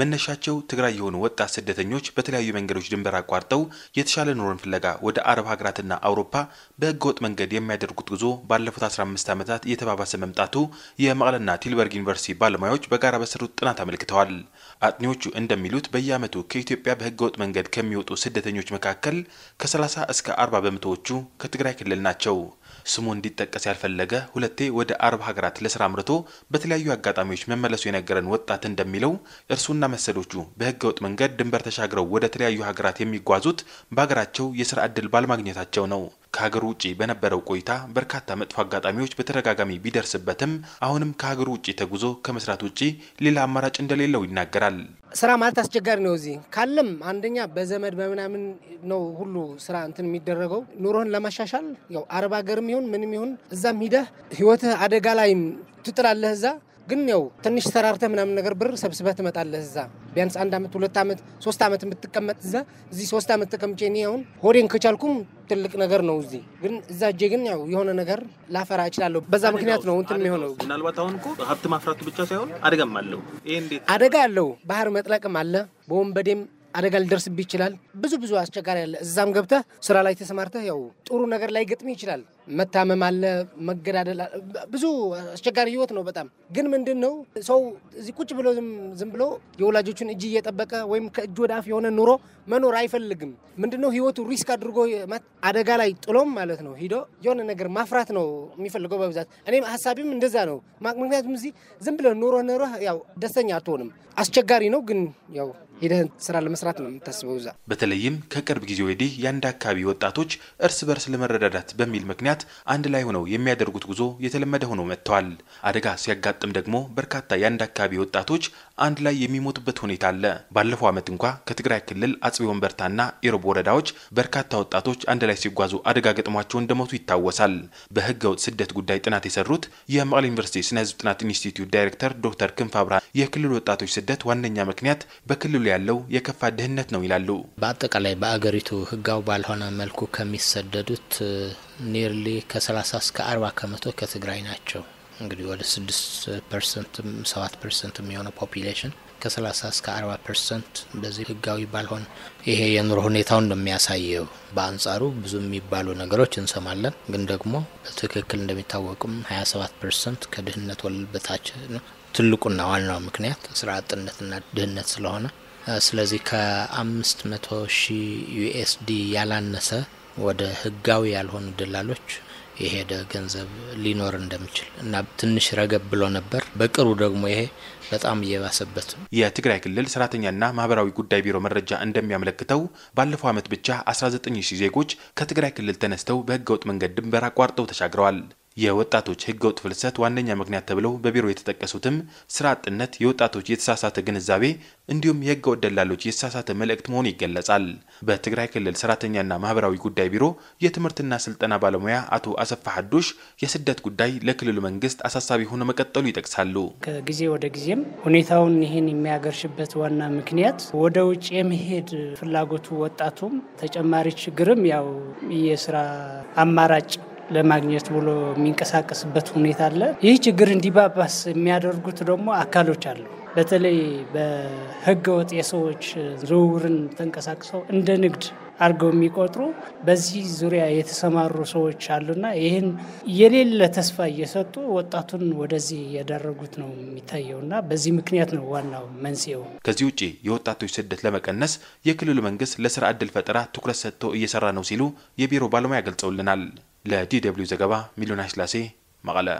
መነሻቸው ትግራይ የሆኑ ወጣት ስደተኞች በተለያዩ መንገዶች ድንበር አቋርጠው የተሻለ ኑሮን ፍለጋ ወደ አረብ ሀገራትና አውሮፓ በህገወጥ መንገድ የሚያደርጉት ጉዞ ባለፉት 15 ዓመታት እየተባባሰ መምጣቱ የመቀለና ቲልበርግ ዩኒቨርሲቲ ባለሙያዎች በጋራ በሰሩት ጥናት አመልክተዋል። አጥኚዎቹ እንደሚሉት በየዓመቱ ከኢትዮጵያ በህገወጥ መንገድ ከሚወጡ ስደተኞች መካከል ከ30 እስከ 40 በመቶዎቹ ከትግራይ ክልል ናቸው። ስሙ እንዲጠቀስ ያልፈለገ ሁለቴ ወደ አረብ ሀገራት ለስራ አምርቶ በተለያዩ አጋጣሚዎች መመለሱ የነገረን ወጣት እንደሚለው እርሱና መሰሎቹ በህገ ወጥ መንገድ ድንበር ተሻግረው ወደ ተለያዩ ሀገራት የሚጓዙት በሀገራቸው የስራ እድል ባለማግኘታቸው ነው። ከሀገር ውጭ በነበረው ቆይታ በርካታ መጥፎ አጋጣሚዎች በተደጋጋሚ ቢደርስበትም አሁንም ከሀገር ውጭ ተጉዞ ከመስራት ውጭ ሌላ አማራጭ እንደሌለው ይናገራል። ስራ ማለት አስቸጋሪ ነው። እዚህ ካለም አንደኛ በዘመድ በምናምን ነው ሁሉ ስራ እንትን የሚደረገው ኑሮህን ለማሻሻል ያው አረብ ሀገርም ይሁን ምንም ይሁን እዛም ሂደህ ህይወትህ አደጋ ላይም ትጥላለህ እዛ ግን ያው ትንሽ ሰራርተ ምናምን ነገር ብር ሰብስበህ ትመጣለህ። እዛ ቢያንስ አንድ አመት ሁለት ዓመት ሶስት ዓመት የምትቀመጥ እዛ እዚህ ሶስት ዓመት ተቀምጬ እኔ አሁን ሆዴን ከቻልኩም ትልቅ ነገር ነው። እዚህ ግን እዛ እጄ ግን ያው የሆነ ነገር ላፈራ እችላለሁ። በዛ ምክንያት ነው እንትን የሆነው። ምናልባት አሁን እኮ ሀብት ማፍራቱ ብቻ ሳይሆን አደጋም አለው። ይሄ እንዴት አደጋ አለው? ባህር መጥለቅም አለ በወንበዴም አደጋ ሊደርስብህ ይችላል። ብዙ ብዙ አስቸጋሪ አለ። እዛም ገብተህ ስራ ላይ ተሰማርተህ ያው ጥሩ ነገር ላይ ገጥምህ ይችላል። መታመም አለ፣ መገዳደል፣ ብዙ አስቸጋሪ ህይወት ነው። በጣም ግን ምንድን ነው ሰው እዚህ ቁጭ ብሎ ዝም ብሎ የወላጆቹን እጅ እየጠበቀ ወይም ከእጅ ወደ አፍ የሆነ ኑሮ መኖር አይፈልግም። ምንድን ነው ህይወቱ ሪስክ አድርጎ አደጋ ላይ ጥሎም ማለት ነው ሂዶ የሆነ ነገር ማፍራት ነው የሚፈልገው በብዛት። እኔም ሀሳቢም እንደዛ ነው። ምክንያቱም እዚህ ዝም ብለ ኑሮ ኑሮ ያው ደስተኛ አትሆንም። አስቸጋሪ ነው ግን ያው ሂደህን ስራ ለመስራት ነው የምታስበው እዛ። በተለይም ከቅርብ ጊዜ ወዲህ የአንድ አካባቢ ወጣቶች እርስ በርስ ለመረዳዳት በሚል ምክንያት ምክንያት አንድ ላይ ሆነው የሚያደርጉት ጉዞ የተለመደ ሆኖ መጥተዋል። አደጋ ሲያጋጥም ደግሞ በርካታ የአንድ አካባቢ ወጣቶች አንድ ላይ የሚሞቱበት ሁኔታ አለ። ባለፈው ዓመት እንኳ ከትግራይ ክልል አጽቢ ወንበርታና ኢሮብ ወረዳዎች በርካታ ወጣቶች አንድ ላይ ሲጓዙ አደጋ ገጥሟቸው እንደሞቱ ይታወሳል። በህገ ወጥ ስደት ጉዳይ ጥናት የሰሩት የመቀሌ ዩኒቨርሲቲ ስነ ህዝብ ጥናት ኢንስቲትዩት ዳይሬክተር ዶክተር ክንፋ አብርሃ የክልል ወጣቶች ስደት ዋነኛ ምክንያት በክልሉ ያለው የከፋ ድህነት ነው ይላሉ። በአጠቃላይ በአገሪቱ ህጋው ባልሆነ መልኩ ከሚሰደዱት ኒርሊ ከ30 እስከ 40 ከመቶ ከትግራይ ናቸው። እንግዲህ ወደ 6 ፐርሰንት 7 ፐርሰንት የሚሆነው ፖፒሌሽን ከ30 እስከ 40 ፐርሰንት እንደዚህ ህጋዊ ባልሆን ይሄ የኑሮ ሁኔታውን ነው የሚያሳየው። በአንጻሩ ብዙ የሚባሉ ነገሮች እንሰማለን፣ ግን ደግሞ በትክክል እንደሚታወቅም 27 ፐርሰንት ከድህነት ወለል በታች ነው። ትልቁና ዋናው ምክንያት ስራ አጥነትና ድህነት ስለሆነ ስለዚህ ከ500 ሺህ ዩኤስዲ ያላነሰ ወደ ህጋዊ ያልሆኑ ደላሎች የሄደ ገንዘብ ሊኖር እንደሚችል እና ትንሽ ረገብ ብሎ ነበር። በቅርቡ ደግሞ ይሄ በጣም እየባሰበት ነው። የትግራይ ክልል ሰራተኛና ማህበራዊ ጉዳይ ቢሮ መረጃ እንደሚያመለክተው ባለፈው ዓመት ብቻ 19 ሺህ ዜጎች ከትግራይ ክልል ተነስተው በህገወጥ መንገድ ድንበር አቋርጠው ተሻግረዋል። የወጣቶች ህገወጥ ፍልሰት ዋነኛ ምክንያት ተብለው በቢሮ የተጠቀሱትም ስራ አጥነት፣ የወጣቶች የተሳሳተ ግንዛቤ እንዲሁም የህገወጥ ደላሎች የተሳሳተ መልእክት መሆኑ ይገለጻል። በትግራይ ክልል ሰራተኛና ማህበራዊ ጉዳይ ቢሮ የትምህርትና ስልጠና ባለሙያ አቶ አሰፋ ሀዱሽ የስደት ጉዳይ ለክልሉ መንግስት አሳሳቢ ሆኖ መቀጠሉ ይጠቅሳሉ። ከጊዜ ወደ ጊዜም ሁኔታውን ይህን የሚያገርሽበት ዋና ምክንያት ወደ ውጭ የመሄድ ፍላጎቱ ወጣቱም ተጨማሪ ችግርም ያው የስራ አማራጭ ለማግኘት ብሎ የሚንቀሳቀስበት ሁኔታ አለ። ይህ ችግር እንዲባባስ የሚያደርጉት ደግሞ አካሎች አሉ። በተለይ በህገወጥ የሰዎች ዝውውርን ተንቀሳቅሰው እንደ ንግድ አድርገው የሚቆጥሩ በዚህ ዙሪያ የተሰማሩ ሰዎች አሉና ይህን የሌለ ተስፋ እየሰጡ ወጣቱን ወደዚህ እያደረጉት ነው የሚታየውና በዚህ ምክንያት ነው ዋናው መንስኤው። ከዚህ ውጭ የወጣቶች ስደት ለመቀነስ የክልሉ መንግስት ለስራ እድል ፈጠራ ትኩረት ሰጥቶ እየሰራ ነው ሲሉ የቢሮ ባለሙያ ገልጸውልናል። ለዲ ደብልዩ ዘገባ ሚሊዮን ስላሴ መቀለ